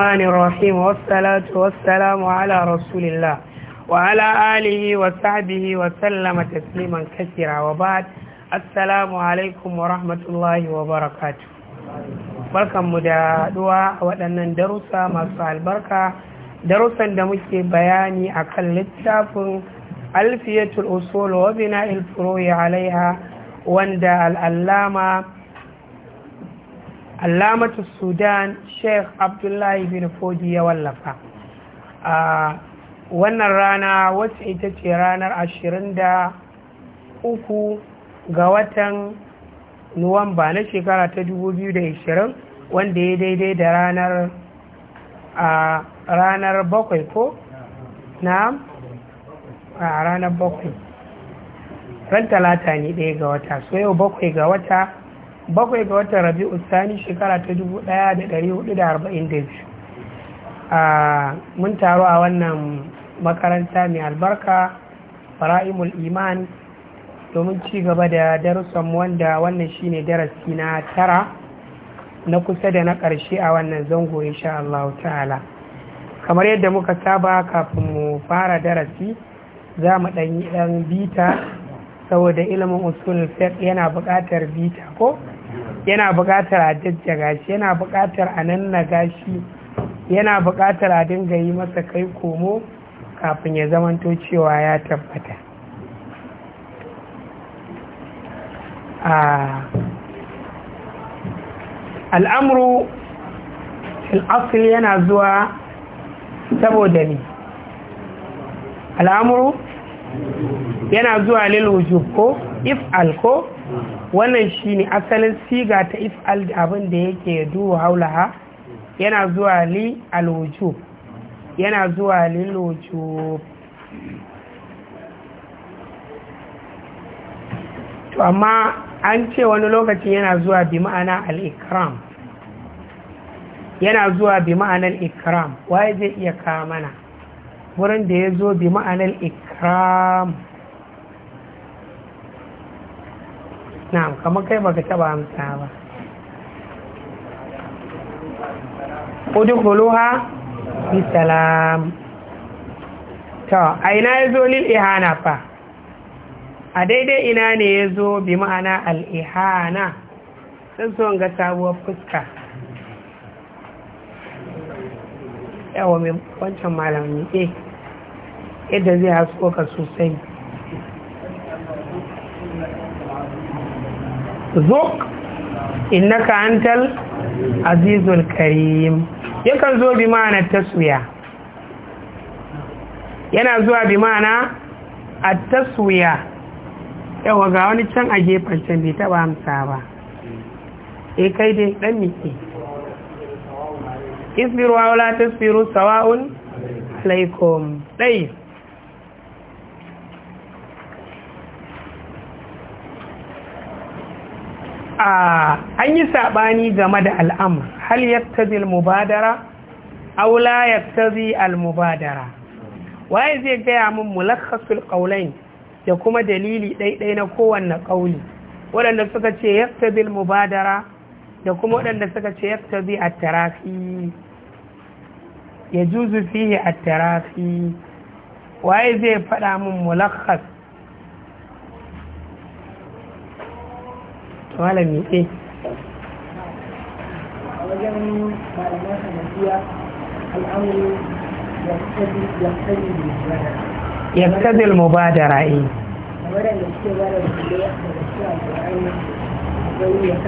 الرحمن الرحيم والصلاة والسلام على رسول الله وعلى آله وصحبه وسلم تسليما كثيرا وبعد السلام عليكم ورحمة الله وبركاته barkan mu da haɗuwa a waɗannan darussa masu albarka darussan da muke bayani a kan littafin alfiyatul usul wa bina'il furu'i alaiha wanda al'allama alamatu sudan sheikh abdullahi bin fodi ya wallafa a wannan rana wacce ita ce ranar 23 ga watan nuwamba na shekara ta 2020 wanda ya daidai da ranar a ranar bakwai ko na a ranar bakwai ran talata ne ɗaya ga wata so yau bakwai ga wata bakwai ga watan rabi'u sani shekara ta dubu da a mun taru a wannan makaranta mai albarka fara'imul iman domin ci gaba da darussan wanda wannan shine darasi na tara na kusa da na ƙarshe a wannan zango insha Allah ta'ala kamar yadda muka saba kafin mu fara darasi za mu ɗan bita saboda ilimin usul fiqh yana buƙatar bita ko yana buƙatar a jajjaga shi yana buƙatar a nannaga shi yana buƙatar a dinga yi masa kai komo kafin ya zamanto cewa ya tabbata al'amuru al'asili yana zuwa saboda ne al'amuru yana zuwa lil wujub ko if'al ko wannan shi ne asalin siga ta if'al abin da yake duhu haulaha yana zuwa li alwujub yana zuwa lil to amma an ce wani lokaci yana zuwa bi ma'ana al-ikram yana zuwa bi ma'anar ikram waye zai iya kamana mana wurin da ya zo bi ma'anar ikram na'am kamar kai baka taba amsa ba udkhuluha bi salam to a ina yazo lil ihana fa a daidai ina ne yazo bi ma'ana al ihana sun so ga sabuwar fuska yawa mai wancan malami eh yadda zai hasko ka sosai zuk innaka antal azizul karim yakan zo bi ma'ana taswiya yana zuwa bi ma'ana at taswiya yawa ga wani can a gefen can bai taba amsa ba e kai dai dan miki. isbiru wa la tasbiru sawa'un alaikum dai an yi saɓani game da al'amur hal yaktazi al-mubadara aula yaktazi al-mubadara waye zai gaya min mulakhasul qawlain da kuma dalili ɗaiɗai na kowanne ƙauli waɗanda suka ce yaktazi al-mubadara da kuma waɗanda suka ce yaktazi at-tarafi ya juzu fihi at-tarafi waye zai faɗa min mulakhas malam miƙe wajen malaman hanafiya al'amuru ya kazi mubadara eh. ba da a ƙwararri wani da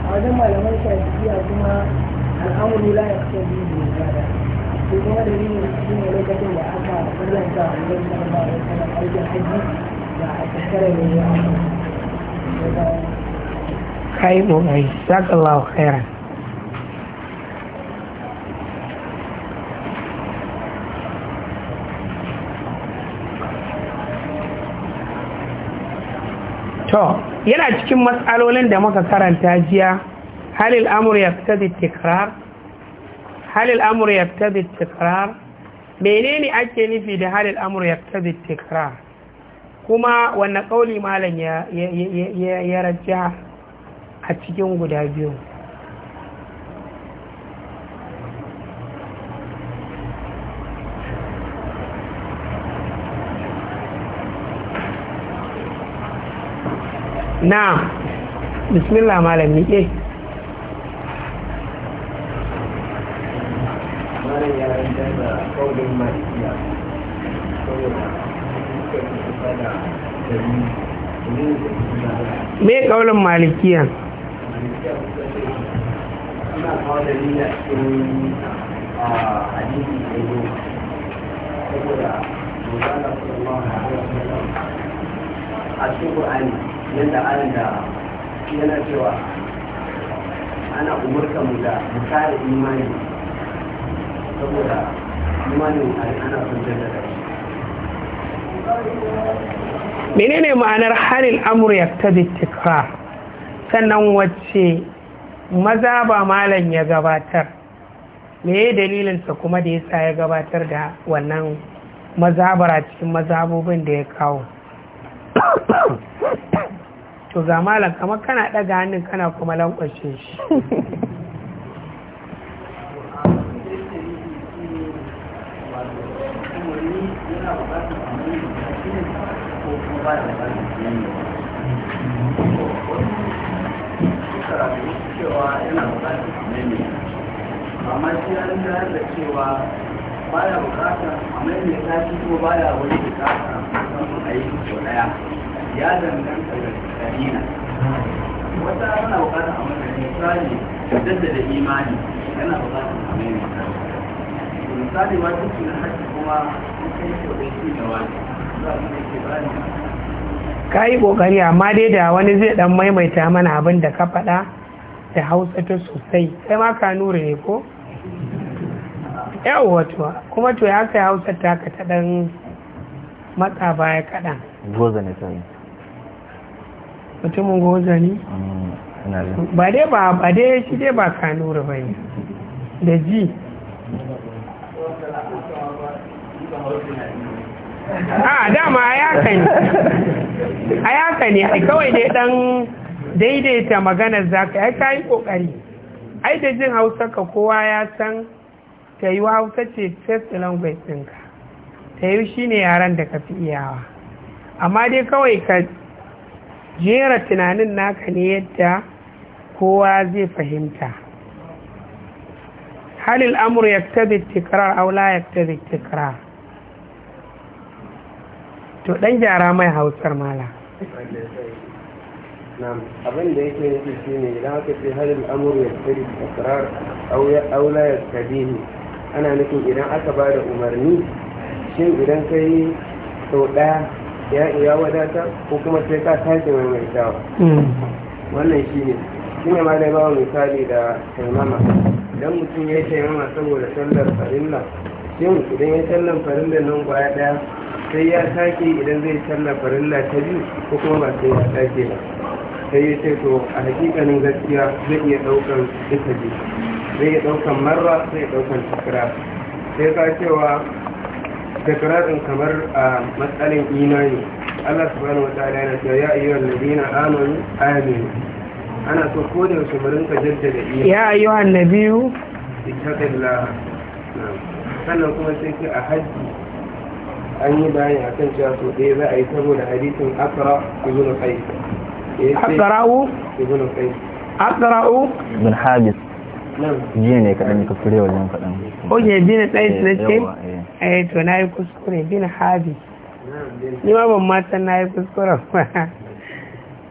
kuma eh. a wajen shafiya kuma al'amuru la ya da kuma da ne shi ne lokacin da aka farlanta a wajen sallallahu alaihi wasallam aikin hajji da a shekara ne ya kai mu gai jazakallahu khairan To, yana cikin matsalolin da muka karanta jiya, halil amur ya fita da tekrar halil amur ya tabi tikrar menene ake nufi da halil amur ya tabi kuma wanne kauli malam ya ya a cikin guda biyu na bismillah malam nike ƙaunin malikiya me ƙaunin malikiya a cikin ƙur'ani yadda ana da yana cewa ana umarta mu da mu imani saboda menene ma'anar halin amur ya ta dittika sannan wacce maza ba malam ya gabatar me ya dalilinsa kuma da yasa ya gabatar da wannan mazabara cikin mazabobin da ya kawo to ga malam kamar kana ɗaga hannun kana kuma lankwashe shi amma shi an jihar da cewa baya bukata amma mai ko wani bukata a yi ko daya ya danganta da karina wata ana bukata a mai misali da imani yana bukata a mai misali na kuma kai ko da shi ne za ke bani ka yi kokari amma dai da wani zai dan maimaita mana abin da ka faɗa da hausa ta sosai sai ma ka nura ne ko yawwa to kuma to ya kai hausa ta ka ta dan matsa baya kaɗan goza ne sai mutumin goza ne mm, ba dai ba ba dai shi dai ba ka nura ba ne da ji a dama ayaka ne a ne kawai dai dan daidaita maganar zaka ka yi kayi kokari ai da jin hausa ka kowa ya san ta yi hausa ce first language ɗinka ta yi shi ne yaren da ka fi iyawa amma dai kawai ka jera tunanin naka ne yadda kowa zai fahimta halil amur ya tabi tikirar aula ya tabi tikirar to dan gyara mai hausar mala abin da yake nufi shi ne idan aka ce halin amur ya tsiri tsarar aula ya ana nufin idan aka ba da umarni shin idan ka yi sau ɗaya ya wadata ko kuma sai ka sake hmm. wannan shi ne shi ne ma da bawa misali da taimama idan mutum ya yi taimama saboda sallar farilla yin idan ya sallan farilla nan kwaya daya sai ya sake idan zai sallan farilla ta biyu ko kuma ba sai ya sake ba sai ya ce to a hakikanin gaskiya zai iya daukan duka biyu zai iya daukan marra zai iya daukan takra sai ka cewa din kamar a matsalin imani Allah subhanahu wa ta'ala yana cewa ya ayyuhal ladina amanu aminu ana so ko da yaushe mu rinka jaddada iya ya ayyuhan nabiyyu ittaqillaha na'am sannan kuma sai ce a hajji an yi bayani a kan cewa so ɗaya za a yi saboda hadisin akara ibn qais akara'u ibn qais akara'u ibn habis jiya ne kaɗan ka fure jan kaɗan oye bin qais na eh, ce eh. eh to na yi kuskure bin habis ni ma ban matan na yi kuskure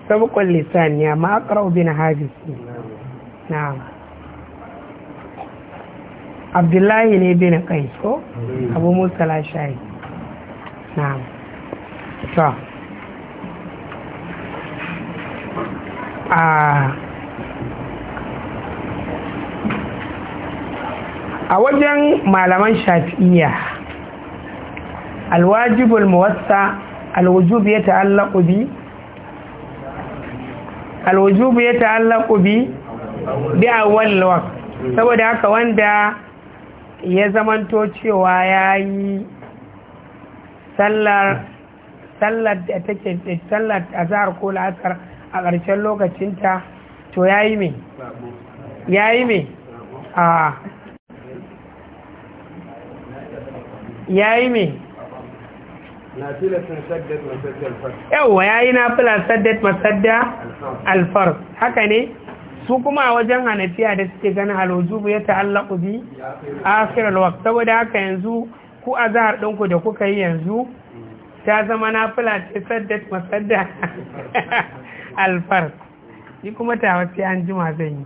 sabukon lisan ne amma akara'u bin habis na'am abdullahi ne bin kai ko abu musa shayi na to a wajen malaman shafi'iyya alwajibul muwassa alwujub ya ta'allaqu bi alwujub ya ta'allaqu bi bi awwal waqt saboda haka wanda ya zamanto cewa ya yi sallar da take sallar zahar ko la'asar a ƙarshen lokacinta to ya yi mai. ya yi mai a ya yi me ya yi na fila saddat masadda alfar haka ne su kuma a wajen hanafiya da suke ganin alwujubu ya ta'allaku bi akhir alwaqt saboda haka yanzu ku azhar ɗinku da kuka yi yanzu ta zama nafila ce saddat masadda alfar ni kuma ta wace an jima zan yi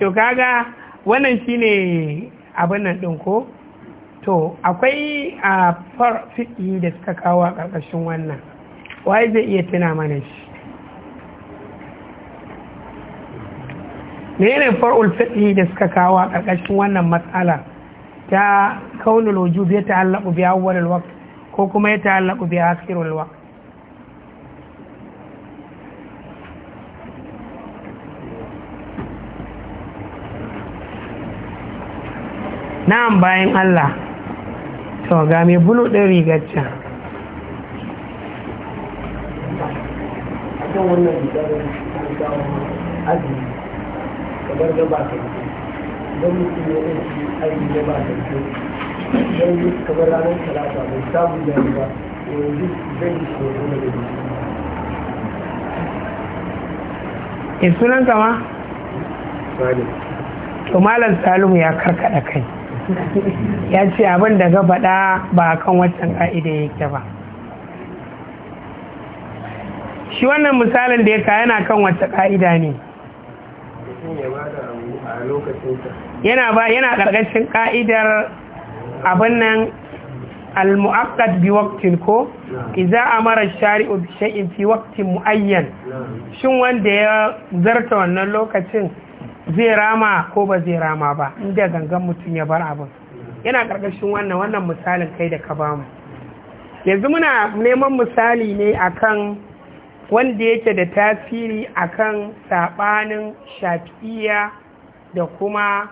to kaga wannan shine abin nan ɗin ko to akwai a ah, far fiɗi da suka kawo a ƙarƙashin wannan waye zai iya tuna mana shi menene far'ul fadi da suka kawo a ƙarƙashin wannan matsala ta kaunul wujub ya ta'allaqu bi awwalil waqt ko kuma ya ta'allaqu bi akhiril waqt na'am bayan Allah to ga me bulu ɗin rigar can wannan kamar da ba ka yi don mutum ya yi aiki da ba ka yi don yi kamar ranar talata bai samu da ba yanzu zai yi tsoro da bai in eh, sunan kama? to malam Salimu ya karkada kai ya ce abin da ga faɗa ba kan wancan ka'ida yake ba shi wannan misalin da ya ka yana kan wata ka'ida ne yana ba yana ƙarƙashin ƙa'idar abin nan al-mu'aqqad bi waqtin ko idza amara shari'u bi shay'in fi waqtin muayyan shin wanda ya zarta wannan lokacin zai rama ko ba zai rama ba inda gangan mutum ya bar abin yana ƙarƙashin wannan wannan misalin kai da ka bamu yanzu muna neman misali ne akan wanda yake da tasiri akan sabanin shafi'iyya da kuma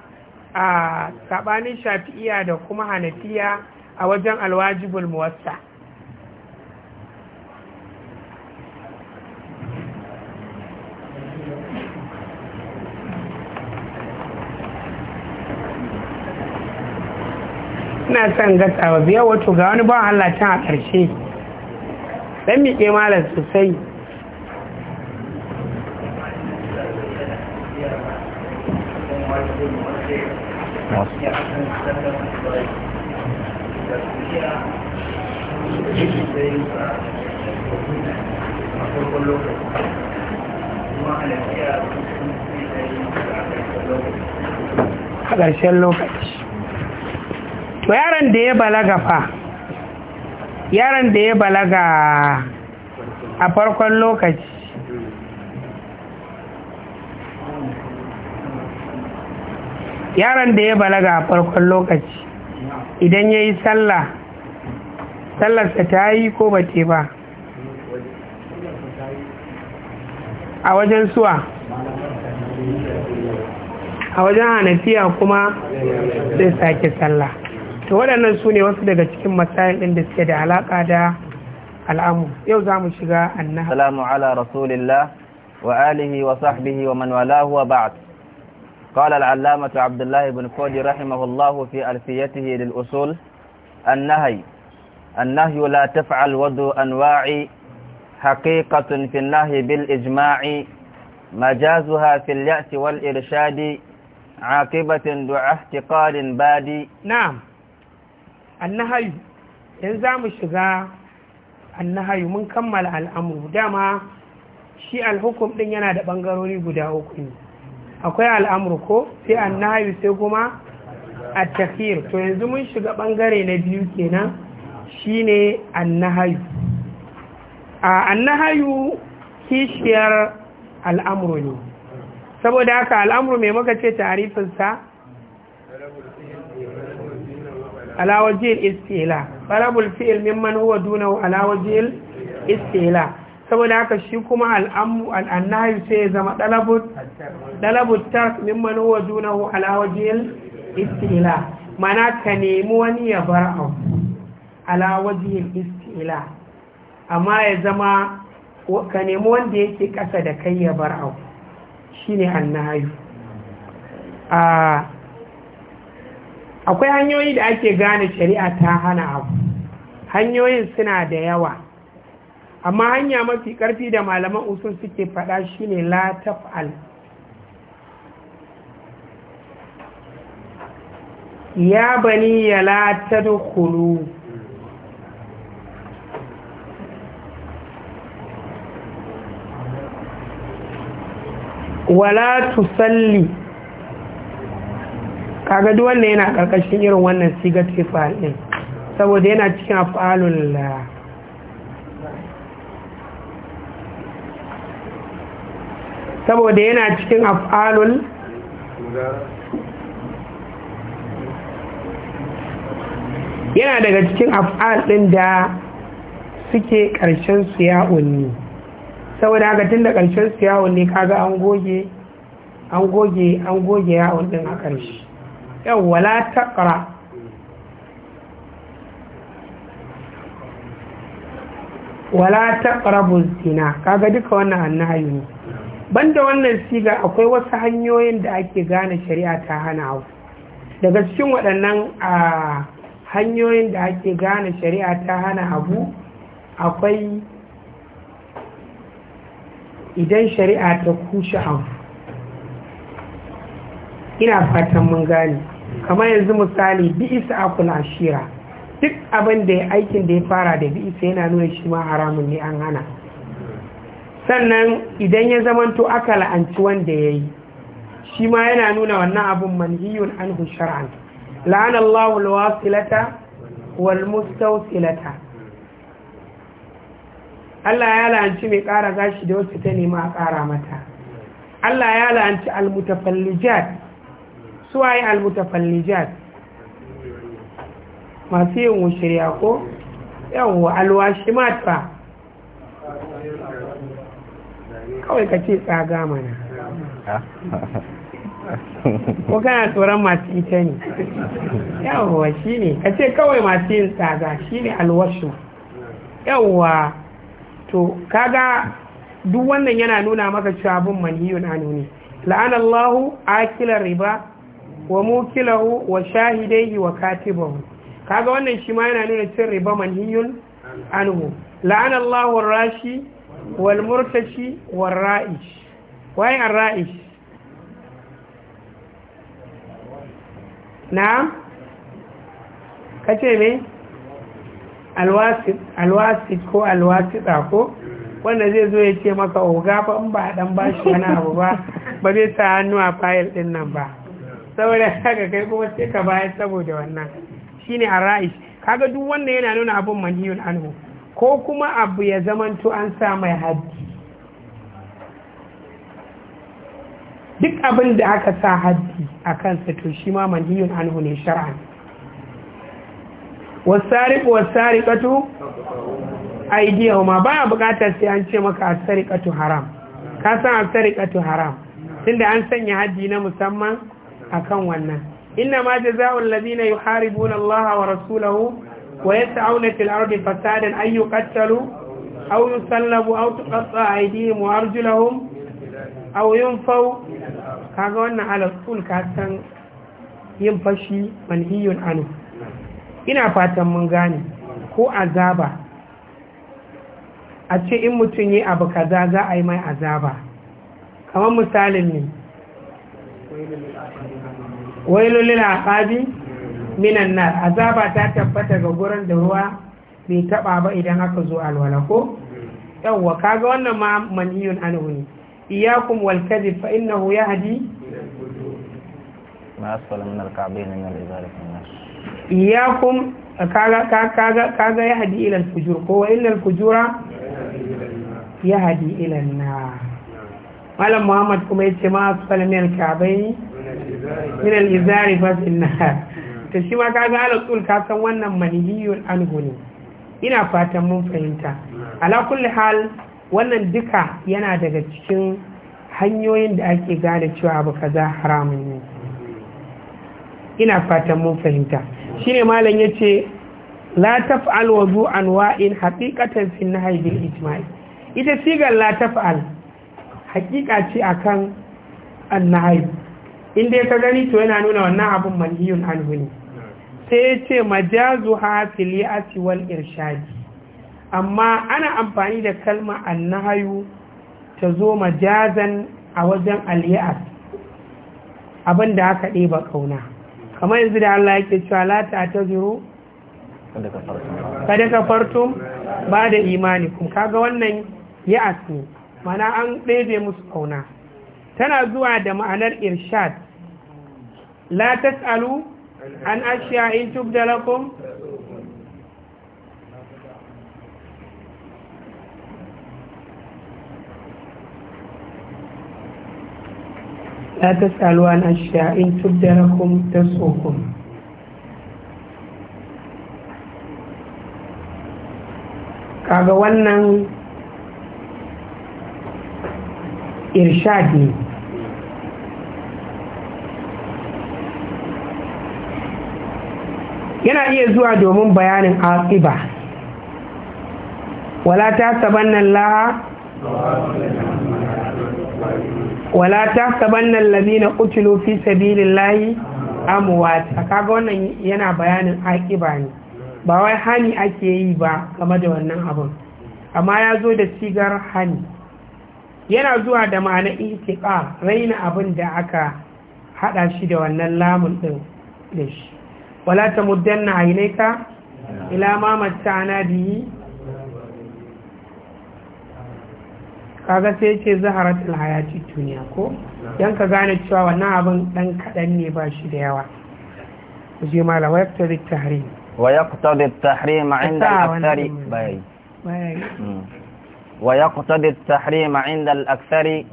a sabanin shafi'iyya da kuma hanafiya a wajen alwajibul muwassa ina son gasa wa biyar wato ga wani ban Allah a ƙarshe ɗan miƙe malar sosai a ƙarshen lokaci to yaron da ya balaga fa yaron da ya balaga a farkon lokaci yaron da ya balaga a farkon lokaci idan ya yi sallah sallarsa ta yi ko ba te ba a wajen suwa a wajen hanafiya kuma zai sake sallah to waɗannan su ne wasu daga cikin matsayin ɗin da suke da alaƙa da al'amu yau za mu shiga annaha salamu ala rasulillah wa alihi wa sahbihi wa man walahu wa ba'd قال العلامة عبد الله بن فودي رحمه الله في ألفيته للأصول النهي النهي لا تفعل وذو أنواع حقيقة في النهي بالإجماع مجازها في اليأس والإرشاد عاقبة دعاء احتقال بادي نعم النهي ينزام الشغاء النهي من كمل الأمر داما شيء الحكم دين ينادى بانغروني بداوكم akwai al'amur ko sai an nahayu sai kuma a tafiyar to yanzu mun shiga ɓangare na biyu kenan shine an kishiyar al’amur ne saboda haka al'amur mai maka ce tarifinsa alawajil istila farabul fi'il mimman huwa dunawa alawajil istila saboda haka shi kuma Al'amu al'annahi sai ya zama dalabut tas mimman wa juna ala alawajiyar istila mana ka nemi wani ya bar abu alawajiyar wajhil istila amma ya zama ka nemi wanda yake kasa da kai ya bar abu ne al’annahi akwai hanyoyi da ake gane shari'a ta hana abu hanyoyin suna da yawa amma hanya mafi ƙarfi da malaman usul suke faɗa ne la taf'al ya bani ya la tadkhulu wala tusalli kaga duk yana ƙarƙashin irin wannan sigar tifal saboda yana cikin afalun laa saboda yana cikin af'alul yana daga cikin af'al ɗin da suke ƙarshen siya'unni saboda haka tun da ƙarshen siya'unni kaga an goge an goge an goge ya ɗin a ƙarshe yau wala taƙara wala taƙara buzina kaga duka wannan annahayu ne banda wannan siga akwai wasu hanyoyin da ake gane shari'a ta hana abu daga cikin waɗannan a hanyoyin da ake gane shari'a ta hana abu akwai idan shari'a ta kushe abu ina fatan mun gane kamar yanzu misali bi'isa akul ashira duk abin da ya aikin da ya fara da bi'isa yana nuna shi ma haramun ne an hana sannan idan ya zamanto aka la'anci wanda ya yi shi ma yana nuna wannan abin manhiyun an hushara'an la'an Allah walwasilata silata Allah ya la'anci mai ƙara gashi da wasu ta nema a ƙara mata Allah ya la'anci almutafallijat yi almutafallijat masu yin wushirya ko yawon alwashi mata kawai ka ce tsaga mana ko kana tsoron masu ita ne yawwa shi ne ka ce kawai masu yin tsaga shi ne alwashu yawwa to kaga duk wannan yana nuna maka cewa abin manhiyun anu ne la'anallahu akilar riba wa mukilahu wa shahidaihi wa katibahu kaga wannan shi ma yana nuna cin riba manhiyun anu la'anallahu rashi Walmurtashi murtashi wal ra'ish waye ra'ish kace me alwasit alwasit ko alwasita ko wanda zai zo ya ce maka oga fa in ba dan bashi wani abu ba ba zai ta hannu a fayil din nan ba saboda haka kai kuma sai ka bayar saboda wannan shine ara'ish kaga duk wanda yana nuna abun maniyun anhu ko kuma abu ya zamanto an sa mai haddi duk abin da aka sa haddi a kansa to shi ma manhiyun anhu ne shar'an wasariq wasariqatu ma ba a buƙatar sai an ce maka asariqatu haram ka san asariqatu haram tunda an sanya haddi na musamman akan wannan inna ma jazaa'ul ladina yuharibuna Allah wa rasulahu ويسعون في الأرض فسادا أن يقتلوا أو يسلبوا أو تقطع أيديهم وأرجلهم أو ينفوا kaga wannan alaskul ka san yin fashi manhiyun anu ina fatan mun gane ko azaba a ce in mutum yi abu kaza za a yi mai azaba kamar misalin ne wailulil aqabi minan nar azaba ta tabbata ga gurin da ruwa bai taba ba idan aka zo alwala ko yawwa kaga wannan ma manhiyun anhu ne iyakum wal kadhib fa innahu yahdi ma asfala min al ka'bayn min al izalik min nar iyakum kaga kaga kaga yahdi ila al fujur ko wa illa al fujura yahdi ila an malam muhammad kuma yace ma asfala min al ka'bayn min al izari fa innar ta shi ma ka kaga tsul ka san wannan manhiyun anhu ne ina fatan mun fahimta ala kulli hal wannan duka yana daga cikin hanyoyin da ake gane cewa abu kaza haramun ne ina fatan mun fahimta shine malam yace la taf'al an wa'in haqiqatan fi nahyi bil ijma'i ita sigar la taf'al haqiqa ce akan annahi in dai ka gani to yana nuna wannan abun manhiyun anhu ne sai ya ce majazu hafil ya wal irshadi amma ana amfani da kalma annahayu ta zo majazan a wajen aliyar abin da aka ɗeba ƙauna kamar yanzu da Allah yake cewa a ta zuru kada ka farto ba da imani kun kaga wannan ya'as ne mana an ɗebe musu ƙauna tana zuwa da ma'anar irshad la tas'alu an ashiya in tubda lakum لا تسألوا عن أشياء إن تبد لكم تسؤكم kaga wannan irshad yana iya zuwa domin bayanin aqiba wala ta sabanna laha wala ta sabanna allazina qutilu fi kaga wannan yana bayanin akiba ne ba wai hani ake yi ba game da wannan abin amma ya zo da sigar hani yana zuwa da ma'ana itiqa raina abin da aka hada shi da wannan lamun din da shi wala ta muddanna ainaika ila ma da yi kaga sai ce zaharatul hayati duniya ko yan ka gane cewa wannan abin dan kadan ne ba shi da yawa je mala wa yaqtadi tahrim wa yaqtadi tahrim inda al-akthari bai wa yaqtadi tahrim inda al-akthari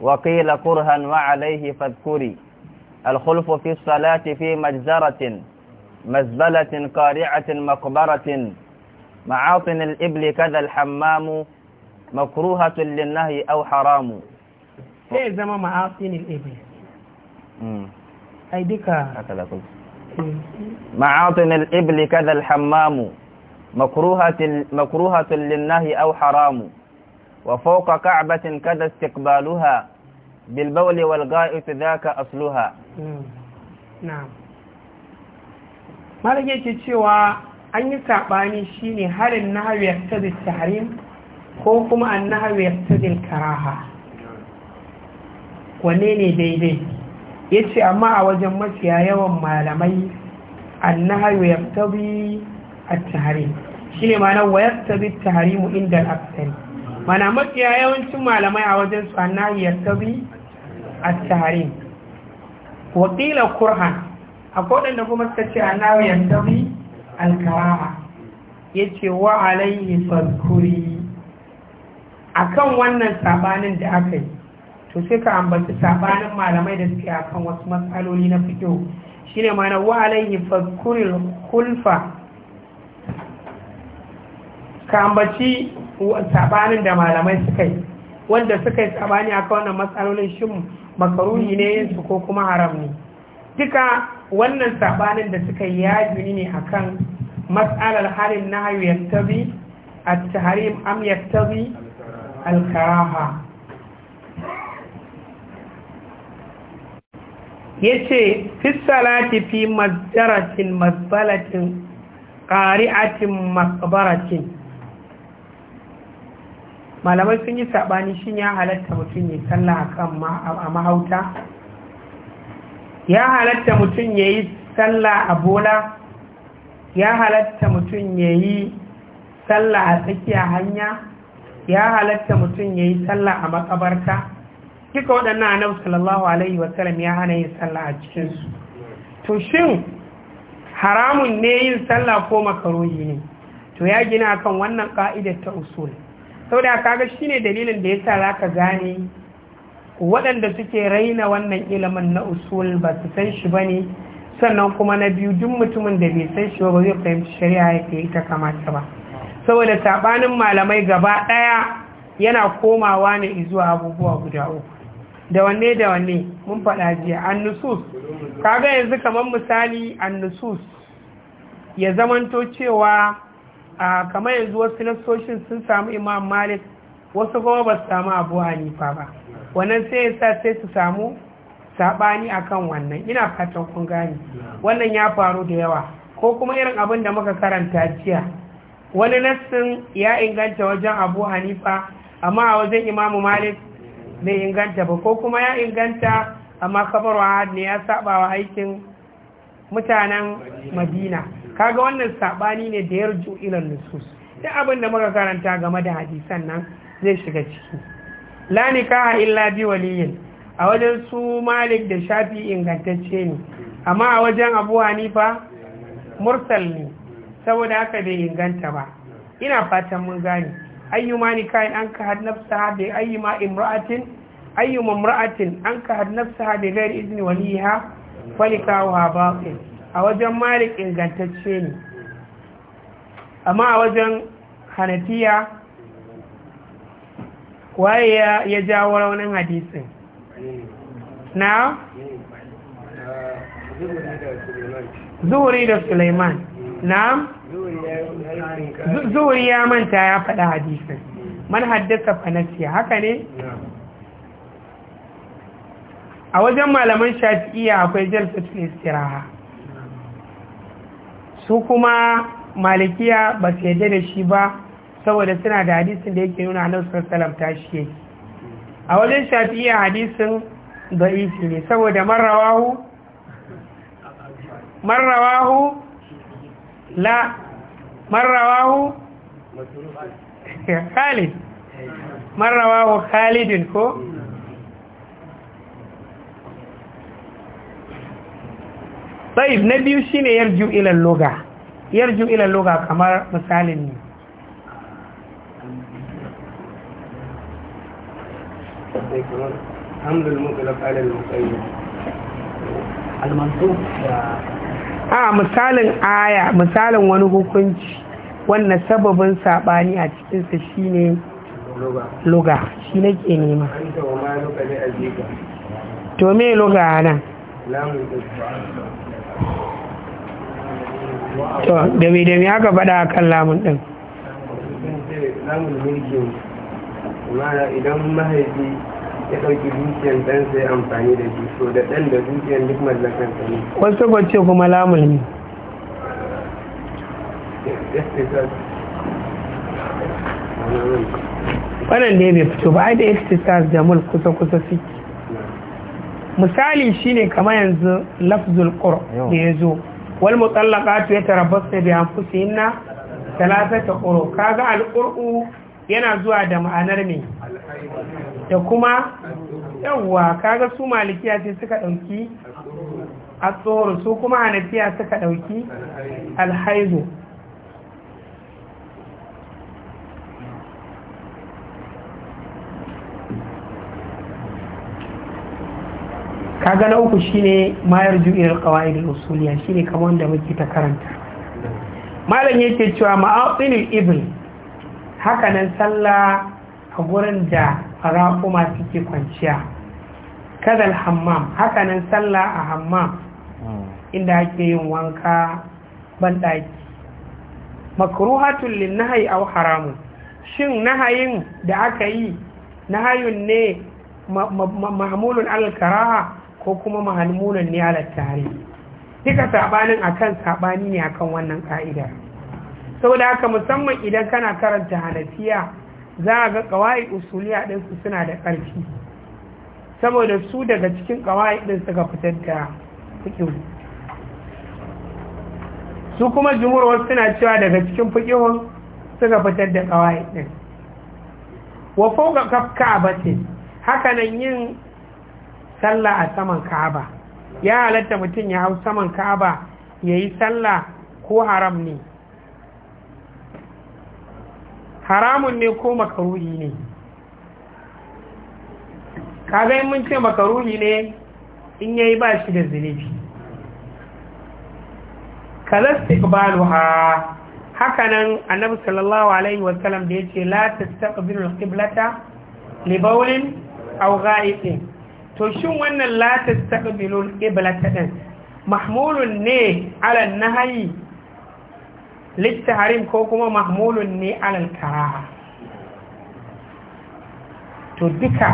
wa كرها وعليه al-khulfu fi salati fi majzaratin مزبلة قارعة مقبرة معاطن الإبل كذا الحمام مكروهة للنهي أو حرام هي زمان معاطن الإبل أي ديكا معاطن الإبل كذا الحمام مكروهة مكروهة للنهي أو حرام وفوق كعبة كذا استقبالها بالبول والغائط ذاك أصلها نعم malam yake cewa an yi saɓani ne harin na hawiyar tazil tahrim ko kuma an na hawiyar tazil karaha wanne ne daidai ya ce amma a wajen mafiya yawan malamai an na hawiyar bi a tahrim shi ne ta wayar tabi mu inda al'afsari mana mafiya yawancin malamai a wajen su an na hawiyar bi a tahrim wakila kurhan akwai da kuma suka ce ya yantabi alkarama yace wa alaihi a akan wannan sabanin da aka yi to sai ka ambaci sabanin malamai da suke akan wasu matsaloli na fito shine mana wa alaihi fadkuri kulfa ka ambaci sabanin da malamai suka yi wanda suka yi sabani akan wannan matsalolin shin makaruni ne su ko kuma haram ne duka wannan sabanin da suka yi yajuni ne akan matsalar halin na hayu yattabi a tahrim am yattabi al-karaha yace fi salati fi mazdaratin mazbalatin qari'atin malamai sun yi sabani shi ya halatta mutum ya sallah akan a mahauta ya halatta mutum ya yi sallah a bola ya halatta mutum ya yi sallah a tsakiya hanya ya halatta mutum ya yi sallah a makabarta duka waɗannan annabi sallallahu alaihi wasallam ya hana yin sallah a cikinsu to shin haramun ne yin sallah ko makaroyi ne to ya gina kan wannan ka'idar ta usul da kaga shine dalilin da ya sa za ka gane waɗanda suke raina wannan ilimin na usul ba su san shi ba ne sannan kuma na biyu duk mutumin da bai san shi ba zai fahimci shari'a ya ke ita kamata ba saboda saɓanin malamai gaba ɗaya yana komawa ne zuwa abubuwa guda uku da wanne da wanne mun faɗa jiya an nusus kaga yanzu kamar misali an nusus ya zamanto cewa kamar yanzu wasu nasoshin sun samu imam malik wasu kuma ba su samu abu hanifa ba wannan sai ya sa sai su samu saɓani akan wannan ina fatan kun gane wannan ya faru da yawa ko kuma irin abin da muka karanta jiya wani nassin ya inganta wajen abu hanifa amma a wajen imamu malik bai inganta ba ko kuma ya inganta amma kabarwa ne ya saba wa aikin mutanen madina kaga wannan sabani ne da yarju ilan nusus duk abin da muka karanta game da hadisan nan zai shiga ciki la nikaha illa bi waliyin a wajen su malik da shafi ingantacce ne amma a wajen abu hanifa mursal ne saboda haka bai inganta ba ina fatan mun gane ayyuma nikahin an ka had nafsaha bi ma imra'atin ma imra'atin an ka had nafsaha bi ghairi izni waliha falikawha batil a wajen malik ingantacce ne amma a wajen hanafiya waye ya jawo raunin hadisin na zuhuri da suleiman na zuhuri ya manta ya faɗa hadisin man haddasa fanasiya haka ne a wajen malaman shafi'iya akwai jalsatul istiraha su kuma malikiya ba su yadda da shi ba saboda suna da hadisin da yake nuna annabi sallallahu alaihi wasallam tashi yake a wajen shafi'i hadisin da'ifi ne saboda marrawahu marrawahu la marrawahu khalid marrawahu khalid ko طيب na biyu shine yarju ila loga yarju ila loga kamar misalin ne sai kamar hamdul a misalin aya misalin wani hukunci wannan sababin sabani a cikinsa shine luga shi ke nema to me luga nan to da me da me aka faɗa kan lamun din lamun mana idan mahaifi ya ɗauki dukiyar ɗan sai amfani da shi so da ɗan da dukiyar duk mallakan sa ne wasu kwace kuma lamul ne wannan ya bai fito ba a da istisas da mul kusa kusa suke misali shine kamar yanzu lafzul kur da ya zo wal mutallaqatu yatarabbasna bi anfusihinna thalathata quru kaga al yana zuwa da ma'anar ne, da kuma yawwa kaga su malikiya sai suka ɗauki a tsoro su kuma hanafiya suka ɗauki alhaizu kaga na uku shine mayar ju'ir qawaid al shi shine kamar wanda muke ta karanta malam yake cewa ma'atinil ibn hakanan sallah a gurin da raƙuma suke kwanciya kadal hammam hakanan sallah a hammam hmm. inda ake yin wanka banɗaki makruhatun lin nahayi aw haramun shin nahayin da aka yi nahayun ne mahmulun alkaraha ko kuma mahmulun ne ala tare duka sabanin akan saɓani ne akan wannan ka'idar. saboda haka musamman idan kana karanta hanafiya za a ga kawai usuliya ɗinsu suna da ƙarfi saboda su daga cikin kawai ɗin suka fitar da fikihu su kuma jumhurwar suna cewa daga cikin fikihun suka fitar da kawai ɗin wa fauka ka'aba ce haka nan yin sallah a saman ka'aba ya halatta mutum ya hau saman ka'aba ya yi sallah ko haram ne haramun ne ko makaruhi ne kaga mun ce makaruhi ne in yayi ba shi da zunubi haka hakanan annabi sallallahu alaihi wasallam da yace la tastaqbilu al-qiblata li bawlin aw to shin wannan la tastaqbilu al-qiblata din mahmulun ne ala nahyi littaharim ko kuma mahmulun ne alal karaha to duka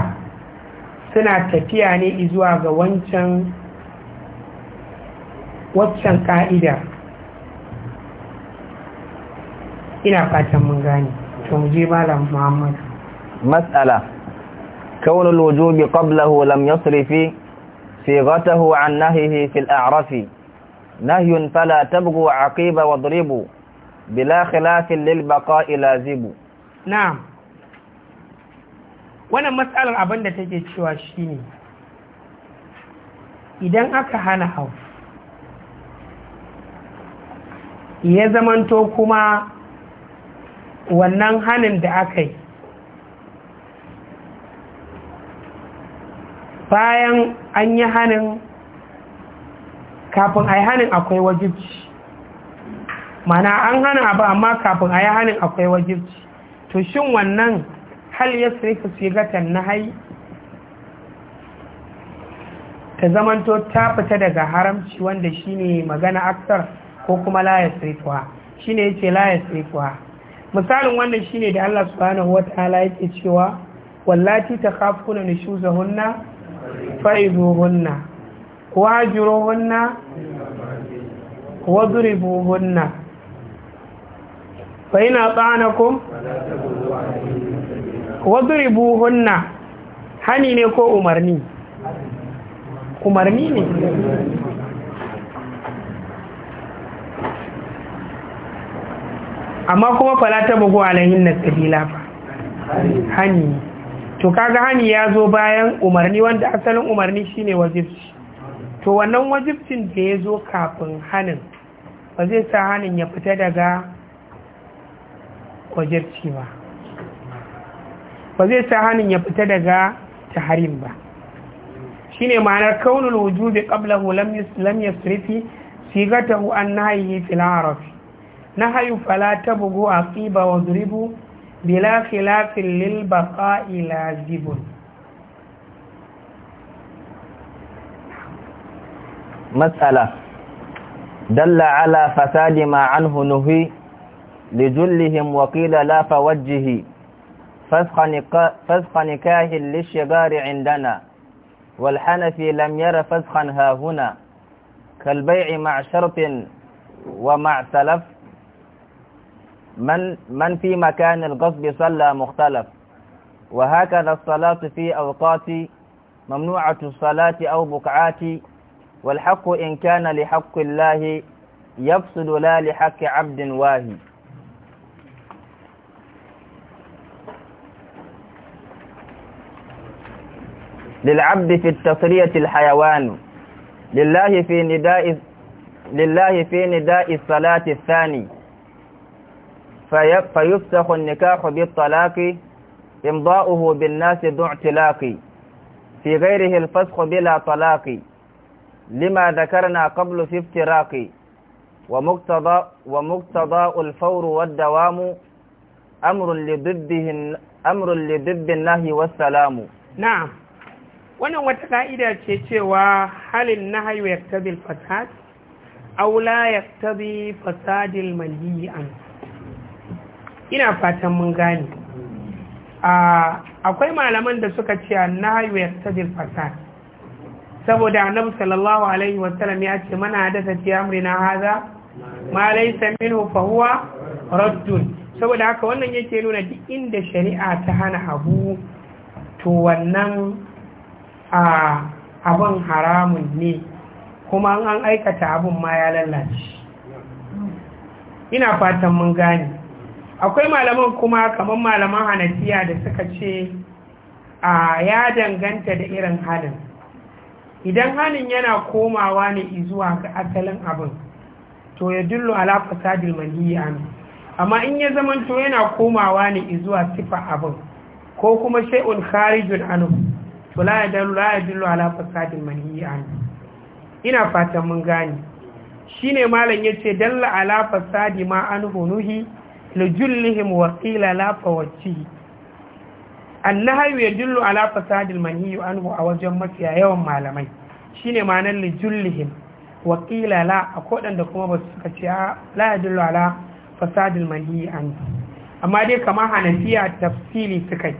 suna tafiya ne zuwa ga wancan waccan ka'idar ina fatan mun gane to mu je malam muhammad mas'ala كون الوجوب قبله لم يصرف صيغته عن نهيه في الأعرف نهي فلا تبغوا عقيب واضربوا bila khilafin lil baqa'i lazibu na'am wannan matsalar abin da take cewa shine idan aka hana hau ya zamanto kuma wannan hanin da aka yi bayan an yi hanin kafin a yi hanin akwai wajibci mana an hana abu amma kafin a yi hannun akwai wajibci to shin wannan hal ya sirika sigatan na hai ta zamanto ta fita daga haramci wanda shine magana aksar ko kuma la shi ne yace laye yasrifuha misalin wannan ne da Allah subhanahu wataala yake cewa wallati hunna wajiro hunna wajuruhunna hunna فإن ina وضربوهن هني hani ne ko umarni umarni ne amma kuma fala ta bugu na to kaga hani ya zo bayan umarni wanda asalin umarni shine wajibci to wannan wajibcin da ya zo kafin hanin ba zai sa hanin ya fita daga wajarcewa ba zai sa hannun ya fita daga harin ba Shi ne ma'anar kaunul wujubi qablahu lam yasrifi sigatahu an nahyihi na araf nahyu fala a tsiba wa zuribu bila khilafin lil baqa'i zibun. mas'ala dalla ala fasadi ma'an hunuhi لجلهم وقيل لا فوجه فسخ نكاه للشجار عندنا والحنفي لم ير فسخا ها هنا كالبيع مع شرط ومع سلف من من في مكان القصب صلى مختلف وهكذا الصلاة في أوقات ممنوعة الصلاة أو بقعات والحق إن كان لحق الله يفصل لا لحق عبد واهي للعبد في التصرية الحيوان لله في نداء لله في نداء الصلاة الثاني فيفسخ النكاح بالطلاق إمضاؤه بالناس ذو اعتلاق في غيره الفسخ بلا طلاق لما ذكرنا قبل في افتراق ومقتضى ومقتضى الفور والدوام أمر لضده أمر لضد النهي والسلام نعم wannan wata ka'ida ce cewa halin na ya tabi fasad aula ya tabi fasadil manhiyi an ina fatan mun gane akwai malaman da suka ce na ya tabi fasad saboda annabi sallallahu alaihi wasallam ya ce mana hadasa amri na haza ma laysa minhu fa huwa raddun saboda haka wannan yake nuna duk inda shari'a ta hana abu to wannan a abin haramun ne kuma an aikata abin ma ya lalace ina fatan mun gane akwai malaman kuma kamar malaman hanafiya da suka ce a ya danganta da irin halin idan halin yana komawa ne zuwa ga asalin abin to ya dullo ala fasadil manhiyi amma in ya zamanto yana komawa ne zuwa sifa abin ko kuma shay'un kharijun anhu to la yadallu la yadallu ala fasadil an ina fatan mun gane shine malam yace dalla ala fasadi ma an hunuhi lujullihim wa qila la fawati annahu yadullu ala fasadil manhi an a wajen mafiya yawan malamai shine ma'anar lujullihim wa qila la akodan da kuma ba suka ce la yadullu ala fasadil manhi an. amma dai kama hanafiya tafsili suka yi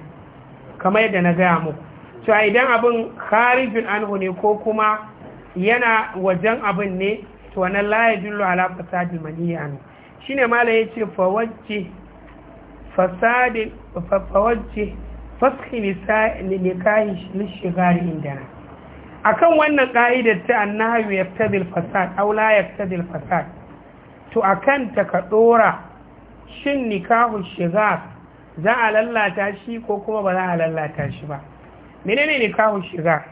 kamar yadda na gaya muku to idan abin kharijin anhu ne ko kuma yana wajen abin ne to wannan la yadullu ala fasadil manhi shine mala yace fawajji fasadin fawajji fashi nikahi na? indana akan wannan ka'idar ta annahu yaftadil fasad aw la yaftadil fasad to akan ta ka dora shin nikahu shigar za a lallata shi ko kuma ba za a lallata shi ba menene ne kawo shiga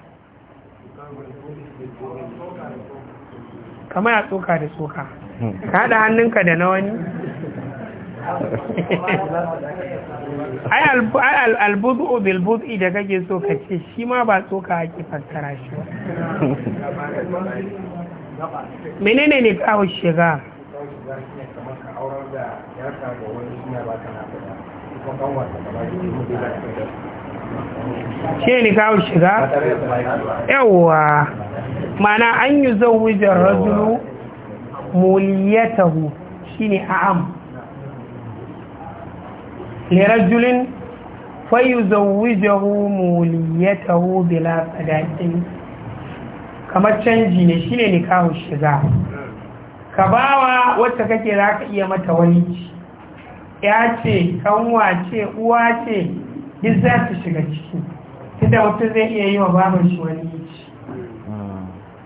kama ya tsoka da tsoka ka hannunka da na wani ai albudu bilbudu da kake so ka ce shi ma ba tsoka ake fassara shi menene ne kawo shiga shi ne kawo shiga yawwa mana an yi zauwujar rajulu muliyatahu shi ne a'am lirajulin fayu zauwujahu muliyatahu bila sadakin kamar canji ne shi ne nikahun shiga ka bawa wacce kake za ka iya mata wani ya ce kanwa ce uwa ce duk za shiga ciki tunda mutum zai iya yi wa babar shi wani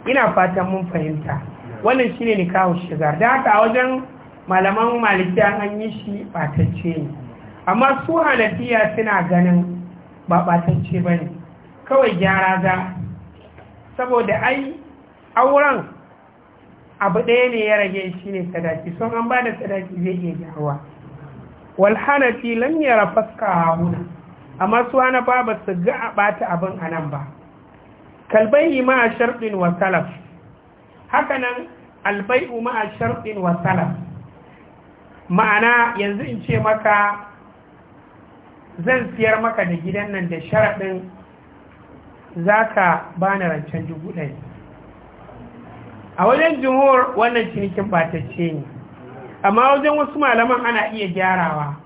ina fatan mun fahimta wannan shine ne kawo shigar da haka a wajen malaman maliki an yi shi batacce ne amma su hanafiya suna ganin ba batacce ba ne kawai gyara za saboda ai auren abu ɗaya ne ya rage shi ne sadaki son an ba da sadaki zai iya gyaruwa walhanafi lam yara a amma su ana ba ba su ga a ɓata abin a nan ba kalbai ma a sharɗin wa salaf hakanan albai'u ma a sharɗin wa ma'ana yanzu in ce maka zan siyar maka da gidan nan da sharaɗin za ka ba na rancen dubu ɗai a wajen jimhur wannan cinikin batacce ne amma wajen wasu malaman ana iya gyarawa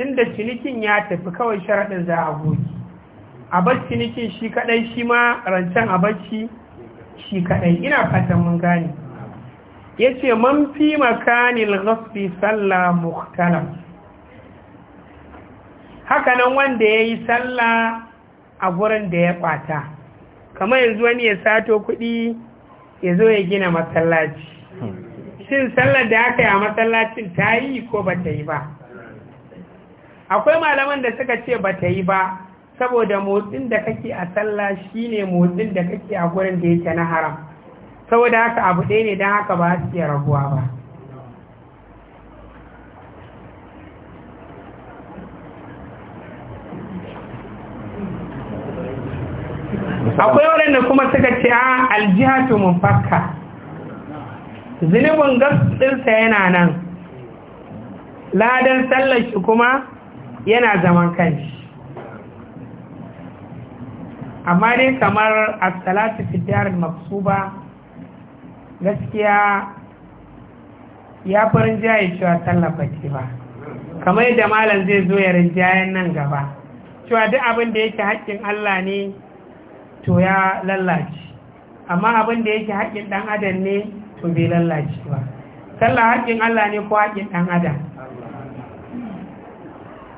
tun da cinikin ya tafi kawai sharaɗin za a goge a bar cinikin shi kaɗai shi ma rancen a barci shi kaɗai ina fatan mun gane ya ce man fi makanil ghasbi sallah muhtalam hakanan wanda ya yi sallah a gurin da ya kwata kamar yanzu wani ya sato kuɗi ya zo ya gina masallaci shin sallar da aka yi a masallacin ta yi ko ba ta yi ba akwai malaman da suka ce ba ta yi ba saboda motsin da kake a sallah shine motsin da kake a gurin da yake na haram saboda haka abu ɗaya ne don haka ba su ke raguwa ba akwai waɗanda kuma suka ce a aljihatu fakka. Zinubin gasɗinsa yana nan ladan sallar shi kuma yana zaman kanshi amma dai kamar assalatu fitiyar maksuba gaskiya ya farin jaye cewa tallafa ce ba kamar yadda malam zai zo ya rinjayen nan gaba cewa duk abin da yake haƙƙin Allah ne to ya lallace amma abin da yake haƙƙin ɗan adam ne to bai lallace ba sallah haƙƙin Allah ne ko haƙƙin ɗan adam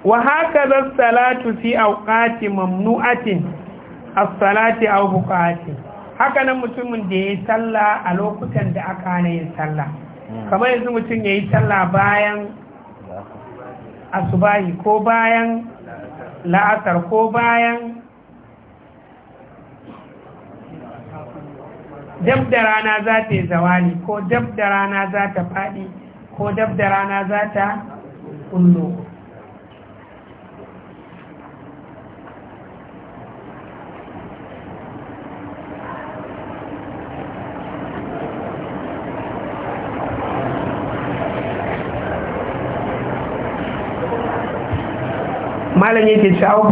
wa hakaza salatu fi awqati mamnu'atin as-salati aw buqati haka nan mutumin da yayi sallah a lokutan da aka hana yin sallah hmm. kamar yanzu mutum yayi sallah bayan asubahi ko bayan la'asar ko bayan dab da rana za ta yi zawali ko dab da rana za ta faɗi ko dab da rana za ta kullo malam yake ce au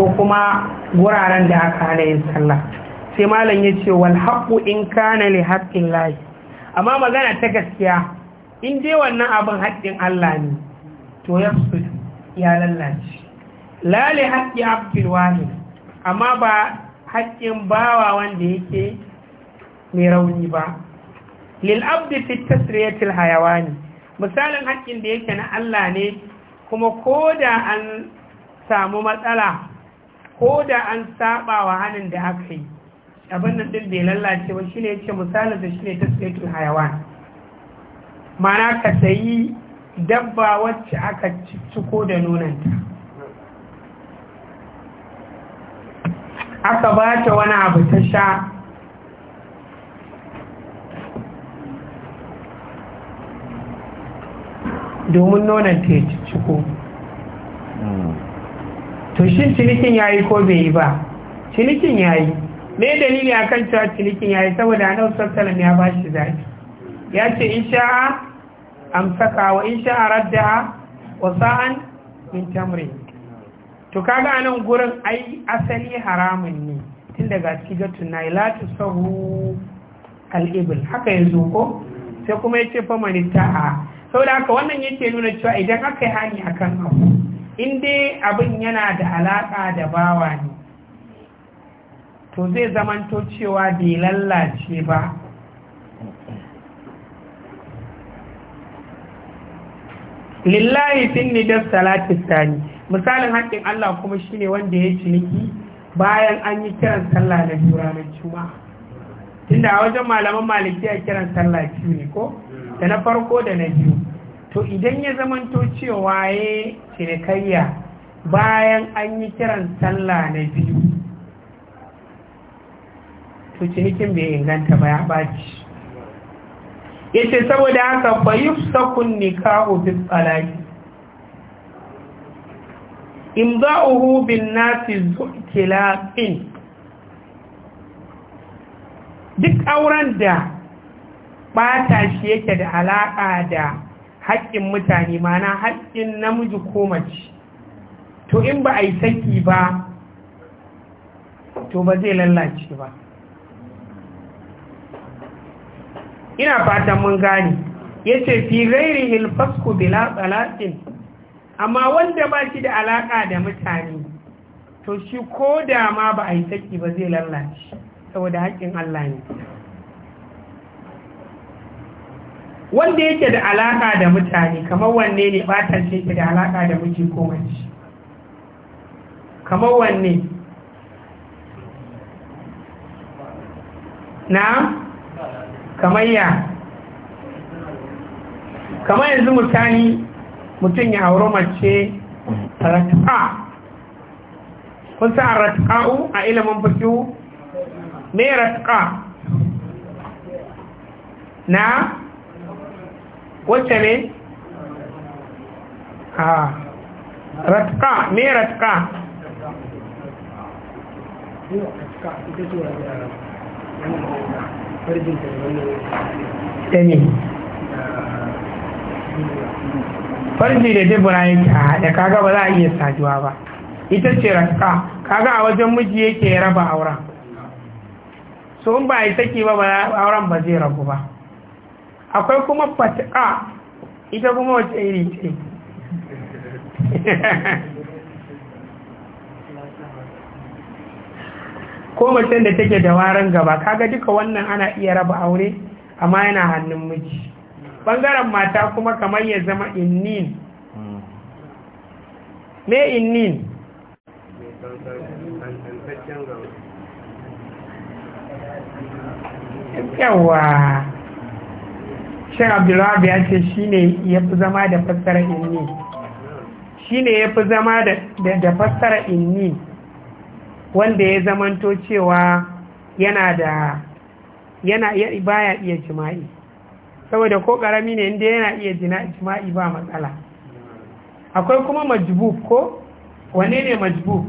ko kuma guraren da aka hana yin sallah sai malam ya ce wal haqu in kana li haqqin lahi amma magana ta gaskiya in dai wannan abin haƙin Allah ne to ya su ya lallace la li haqqi abdil wahid amma ba haƙin bawa wanda yake mai rauni ba lil abdi fi tasriyatil hayawani misalin haƙin da yake na Allah ne kuma ko da an samu matsala ko da an saba wa hannun da aka yi abin din bai lallace ba shine yace misalin da shine tasbitul hayawan mana ka sayi dabba wacce aka ciko da nonanta aka ba ta wani abu ta sha domin nonanta ya ciko hmm. to shin cinikin ya yi ko bai yi ba cinikin ya yi me dalili akan kan cewa cinikin ya yi saboda annabi sallallahu ya ba shi zaɓi ya ce in sha'a amsaka wa in sha'a radda wa sa'an min tamri to kaga anan gurin ai asali haramun ne tun daga ga tunai la tusahu al-ibl haka yanzu ko sai kuma ce fa manita saboda haka wannan yake nuna cewa idan aka yi hani akan abu in dai abin yana da alaƙa da bawa ne to zai zamanto cewa bai lallace ba lillahi fin nidar salatis tani misalin haƙƙin Allah kuma shine wanda ya ciniki bayan an yi kiran sallah na biyu ranar juma'a tunda a wajen malaman malikiya kiran sallah biyu ne ko da na farko da na biyu to idan ya zamanto cewa ya cinikayya bayan an yi kiran sallah na biyu to cinikin bai inganta ba ya ɓaci ya ce saboda haka bayu sakun nikahu bis tsalaki in za a bin nasi zuƙilafin duk auren da ɓata shi yake da alaƙa da haƙƙin mutane mana haƙƙin namiji ko mace to in ba a yi saki ba to ba zai lallace ba ina fatan mun gane ya ce fi gairi hilfasku bila tsalatin amma wanda ba shi da alaƙa da mutane to shi ko da ma ba a yi saki ba zai lallace saboda haƙƙin Allah ne wanda yake da alaka da mutane kamar wanne ne batance yake da alaka da miji ko mace kamar wanne na kamar ya kamar yanzu mutane mutum ya auro mace rata'a kun sa rata'u a ilimin fikiyu me rata'a na wacce ne a ratka ne ratka ɗani farji da dubura yake a haɗe kaga ba za a iya sajuwa ba ita ce ratka kaga a wajen miji yake raba auren so in ba a yi saki ba auren ba zai rabu ba akwai kuma fat'a ita kuma wace iri ce ko macen da take da warin gaba kaga duka wannan ana iya raba aure amma yana hannun miji bangaren mata kuma kamar ya zama innin me innin yawa shan abdullawa ya ce shi ne ya fi zama da fassara inni shi ne ya fi zama da fassara inni wanda ya zamanto cewa yana da yana baya iya jima'i saboda ko karami ne inda yana iya jima'i ba matsala akwai kuma majibu ko wane ne majibu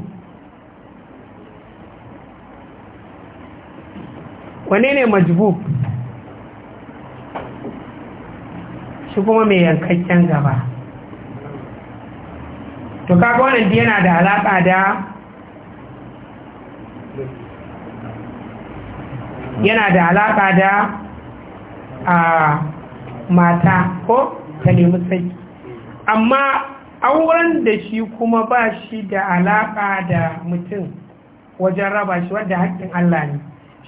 wane ne majibu shi kuma mai yankakken gaba to kaga wannan yana da alaƙa da yana da alaƙa da a mata ko ta nemi sai amma auren da shi kuma ba shi da alaƙa da mutum wajen raba shi wadda haƙƙin Allah ne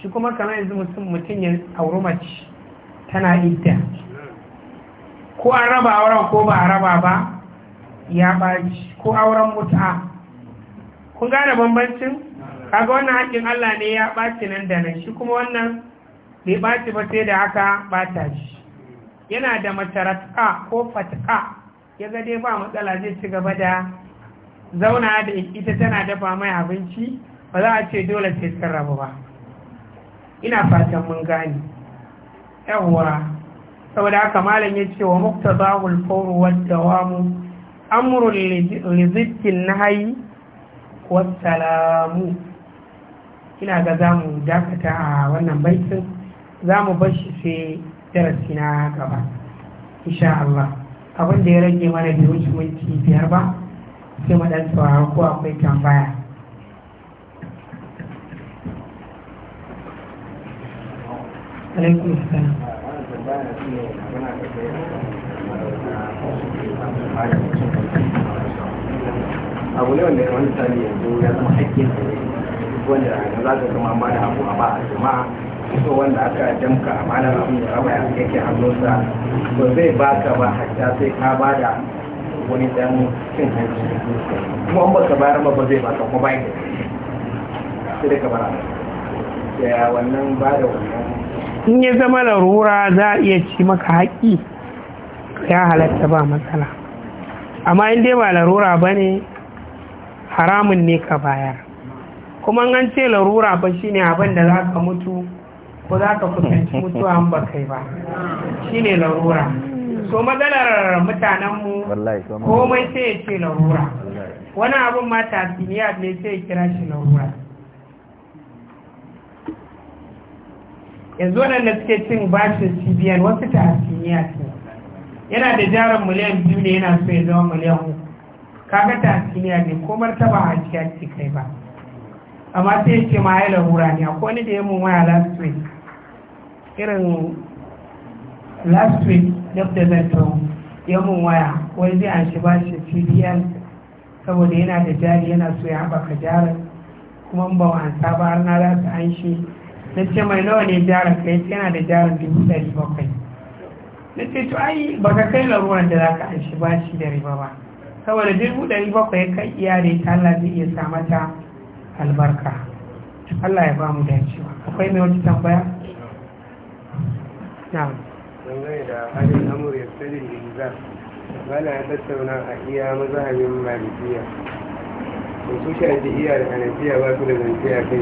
shi kuma kamar yanzu mutum mutum ya auri mace tana idda ko an raba auren ko ba a raba ba ya ɓaci ko auren wuta. kun gane bambancin kaga wannan haƙƙin Allah ne ya baci nan da nan shi kuma wannan bai ɓaci ba sai da haka ta shi yana da mataratka ko fatka ya ga dai ba matsala zai ci gaba da zauna da ita tana dafa mai abinci ba za a ce dole sai sun rabu ba ina fatan mun gane yawwa saboda haka malam ya ce wa muktazahul fawru wad dawamu amrun lizikin na hayi wasalamu ina ga za mu dakata a wannan baitin mu bar shi sai darasi na gaba insha Allah abin ya rage mana da wuce minti biyar ba sai mu dan saurara ko akwai tambaya alaikum salam abu ne wanda kamar misali yanzu ya zama haƙƙin wanda za ka zama mana abu a ba a jama'a so wanda aka jamka a malar abin da raba yake hannunsa ba zai baka ba hatta sai ka ba da wani dan cin hanci kuma an baka bayar ba zai baka kuma ba bayan sai da ka bara ya wannan ba da wannan in ya zama larura za a iya ci maka haƙi ya halatta ba matsala amma in dai ba larura ba ne haramun ne ka bayar kuma an ce larura ba shi ne abin da za ka mutu ko za ka kusanci mutu an ba kai ba shi ne larura so matsalar mutanenmu komai sai ya ce larura wani abin ma tasiriya ne sai ya kira shi larura yanzu waɗanda suke cin bashin cbn wasu ta ce yana da jarin miliyan biyu ne yana so ya zama miliyan uku kaga ta hasiniya ne ko martaba cikin ce kai ba amma sai ce ma ya lahura ne akwai wani da ya mun waya last week irin last week da da zanto ya mun waya wai zai an shi bashin cbn saboda yana da jari yana so ya haɓaka jarin kuma ba wa an saba har na za su an shi na ce mai nawa ne jaran kai yana da jaran dubu ɗari bakwai na ce to ai ba ka kai laruwan da za ka an shi shi da riba ba saboda dubu ɗari bakwai kan iya da ita Allah zai iya sa mata albarka Allah ya ba mu dacewa akwai mai wata tambaya na dangane da hajjin amur ya tsari da gizar bala ya tattauna a iya mazahabin malikiya su da hanafiya ba su da zance a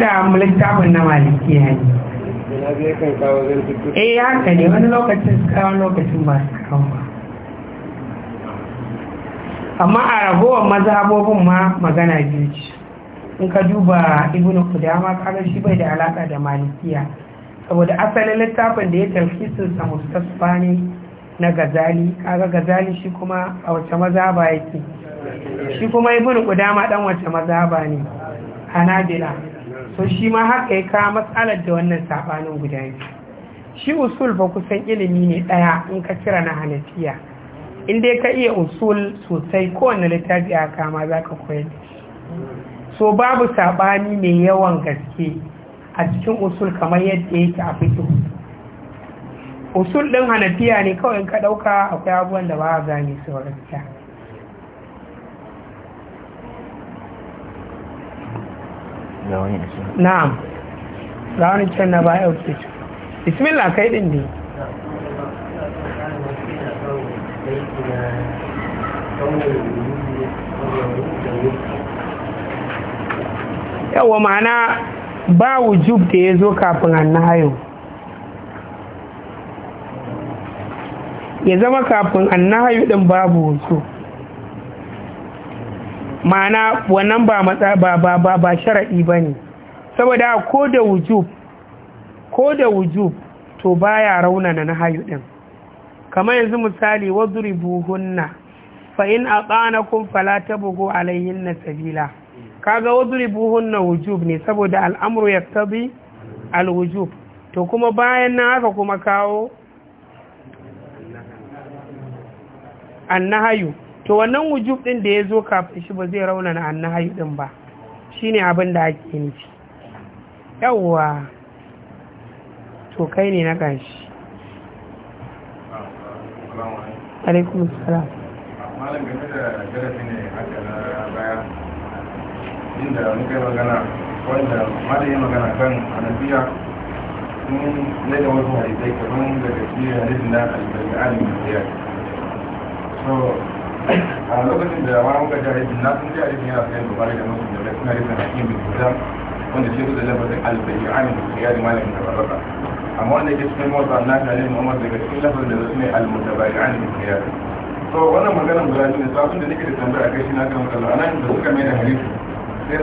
ya an littafin na maliki ya ne eh haka ne wani lokacin su kawo lokacin ba su kawo ba amma a ragowar mazhabobin ma magana biyu ce in ka duba ibn kudama kaga shi bai da alaka da malikiya saboda asalin littafin da ya tarkisin sa mustasfa ne na gazali kaga gazali shi kuma a wace mazhaba yake shi kuma ibn kudama dan wace mazaba ne a hanabila so shi ma haka ya kawo matsalar da wannan saɓanin guda shi usul ba kusan ilimi ne ɗaya in ka cira na hanafiya in dai ka iya usul sosai kowane littafi a kama za ka koyar so babu saɓani mai yawan gaske a cikin usul kamar yadda ya yake a fito usul ɗin hanafiya ne kawai ka ɗauka akwai abubuwan da ba a gane su gaskiya na'am ga can na bismillah ma'ana ba wujub da ya zo kafin hayo ya zama kafin annahayo din babu wujub ma'ana wannan ba matsa ba ba ba ba shar'i bane saboda ko da wujub ko da wujub to baya raunana na hayu din kamar yanzu misali wadribuhunna fa in aqanakum fala tabghu alayhinna sabila kaga wadribuhunna wujub ne saboda al'amru yaktabi al alwujub, to kuma bayan na haka kuma kawo annahayu to wannan wujub ɗin da ya zo kafin shi ba zai raunana annahayu ɗin ba shi ne abin da ake nufi yawwa to kai ne na ƙanshi alaikum salam malam game da jarabi ne haka na baya inda muka yi magana wanda mada yi magana kan hanafiya sun nada wasu hadisai kamar daga cikin hadisin da albari'ani da ya so a lokacin da ma muka jihar ibn na sun jihar ibn yana sayan bukari da masu da suna rikon hakim bin islam wanda shi da lafazin albayi amin da ya da malamin da baraka amma wanda ke cikin mawata na kalin muhammad daga cikin lafazin da zai ne almutabai amin da ya to wannan maganar guda ne sabon da nake da tambaya kai shi na kan kallon anan da suka mai da hadisi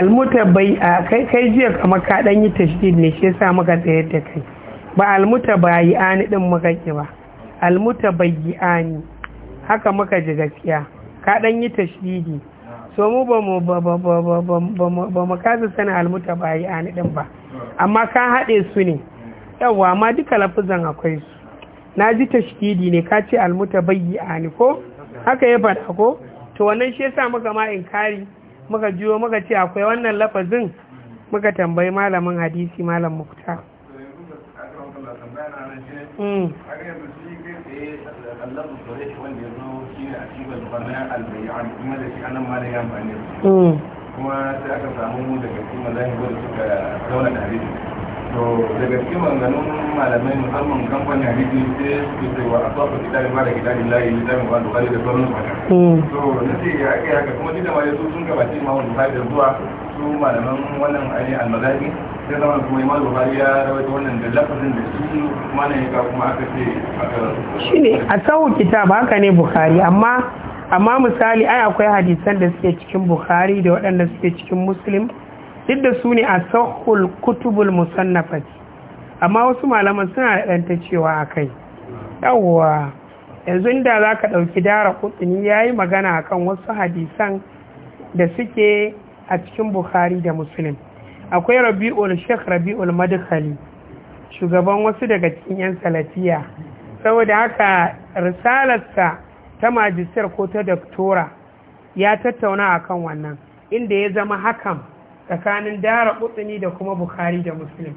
almutabai a kai kai jiya kamar ka dan yi tashdid ne shi yasa muka tsayar da kai ba almutabai ani din muka ki ba almutabai ani haka muka ji gaskiya ka dan yi tashbihi so mu ba mu ba mu kasa sana almuta ba yi ani din ba amma ka haɗe su ne yawa amma duka lafuzan akwai su na ji tashbihi ne ka ce almuta bayyi ani ko haka ya faɗa ko to wannan shi yasa muka ma inkari muka jiyo muka ce akwai wannan lafazin muka tambayi malamin hadisi malam muktar اللفظ الصريح وين يزور شيء أجيب الغناء البيعان كما الذي أنا Kuma sai aka samu mu فهمه لك كما لا يقول لك دولة حديث to daga cikin maganganun malamai musamman kamfanin hadisi sai su ce wa asafu kitabi ba da kitabi lahi littafin ba bukari da sauran su haka mm. to na ce ya ake haka kuma duk da ma yasu sun gabace ma wani da zuwa su malaman wannan ainihin almazabi sai zama kuma imam ya rawaita wannan da lafazin da mana ya kuma aka ce shi ne a sahu kitab haka ne bukari amma amma misali ai akwai hadisan da suke cikin buhari da waɗanda suke cikin muslim duk da su ne a sahul kutubul musannafati amma wasu malaman suna da ɗanta cewa a kai yawwa yanzu inda za ka ɗauki dara kutsuni ya yi magana akan wasu hadisan da suke a cikin buhari da muslim akwai rabi'ul shek rabi'ul madkhali shugaban wasu daga cikin 'yan salatiya. saboda haka risalarsa ta majistar ko ta doktora ya tattauna a kan wannan inda ya zama hakan tsakanin dara utsini da kuma bukhari da muslim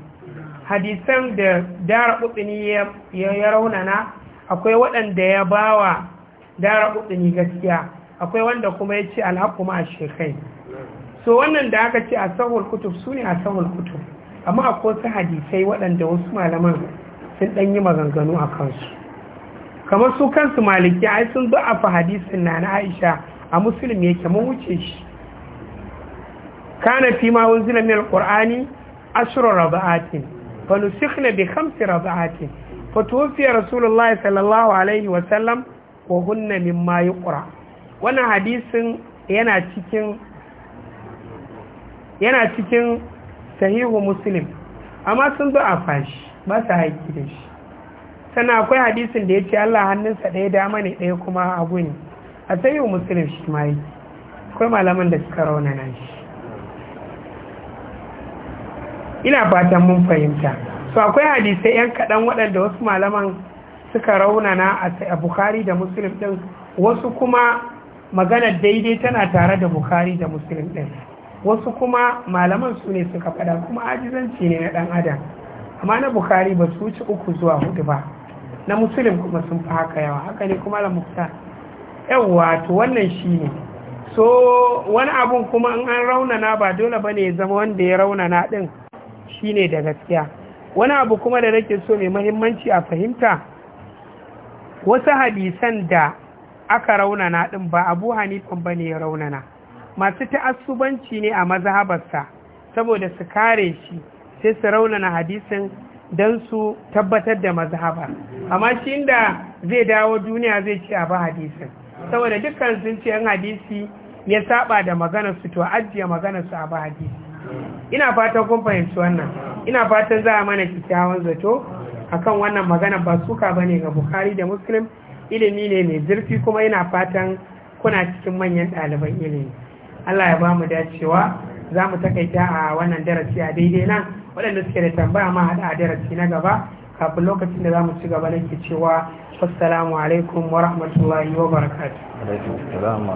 hadisan da dara utsini ya raunana akwai waɗanda ya bawa dara utsini gaskiya akwai wanda kuma ya ce alhaƙuma a shekai so wannan da aka ce a sahul kutub su ne a sahul kutub amma akwai su hadisai waɗanda wasu malaman sun ɗan yi maganganu a kansu kamar su kansu maliki ai sun zo a fa hadisin na na aisha a musulun yake mun wuce shi kana fi ma wunzila min alqur'ani ashru rabaatin fa nusikhna bi khamsi rabaatin fa tuwfiya rasulullahi sallallahu alaihi wa sallam wa hunna hadisin yana cikin yana cikin sahihu muslim amma sun zo a fashi ba su haiki da shi sannan akwai hadisin da ya ce Allah hannunsa ɗaya dama ne ɗaya kuma abu ne a sahihu muslim shi ma yake akwai malaman da suka raunana shi ina fatan mun fahimta so akwai hadisai yan kaɗan waɗanda wasu malaman suka raunana a Bukhari da muslim ɗin wasu kuma magana daidai tana tare da Bukhari da muslim ɗin wasu kuma malaman su ne suka fada kuma ajizanci ne na dan adam amma na bukari ba su wuce uku zuwa hudu ba na musulun kuma sun fi haka yawa haka ne kuma da mufta yawwa to wannan shi ne so wani abun kuma in an raunana ba dole ba ne ya zama wanda ya raunana din shi ne da gaskiya wani abu kuma da nake so mai mahimmanci a fahimta wasu hadisan da aka raunana din ba abu hanifan ba ne ya raunana masu ta'assubanci ne a mazhabarsa saboda su kare shi sai su raunana hadisin don su tabbatar da mazhaba amma shi inda zai dawo duniya zai ci a ba hadisin saboda dukkan sun ce yan hadisi ya saba da maganar su to ajiye maganar su a ba hadisi ina fatan kun fahimci wannan ina fatan za a mana kyakkyawan zato akan wannan magana ba suka bane ga Bukhari da Muslim ilimi ne mai zurfi kuma ina fatan kuna cikin manyan ɗaliban ilimi Allah ya ba mu dacewa za mu takaita a wannan darasi a daidai nan waɗanda suke da tambaya ma haɗa a darasi na gaba kafin lokacin da za mu ci gaba nake cewa assalamu alaikum wa rahmatullahi wa barakatuh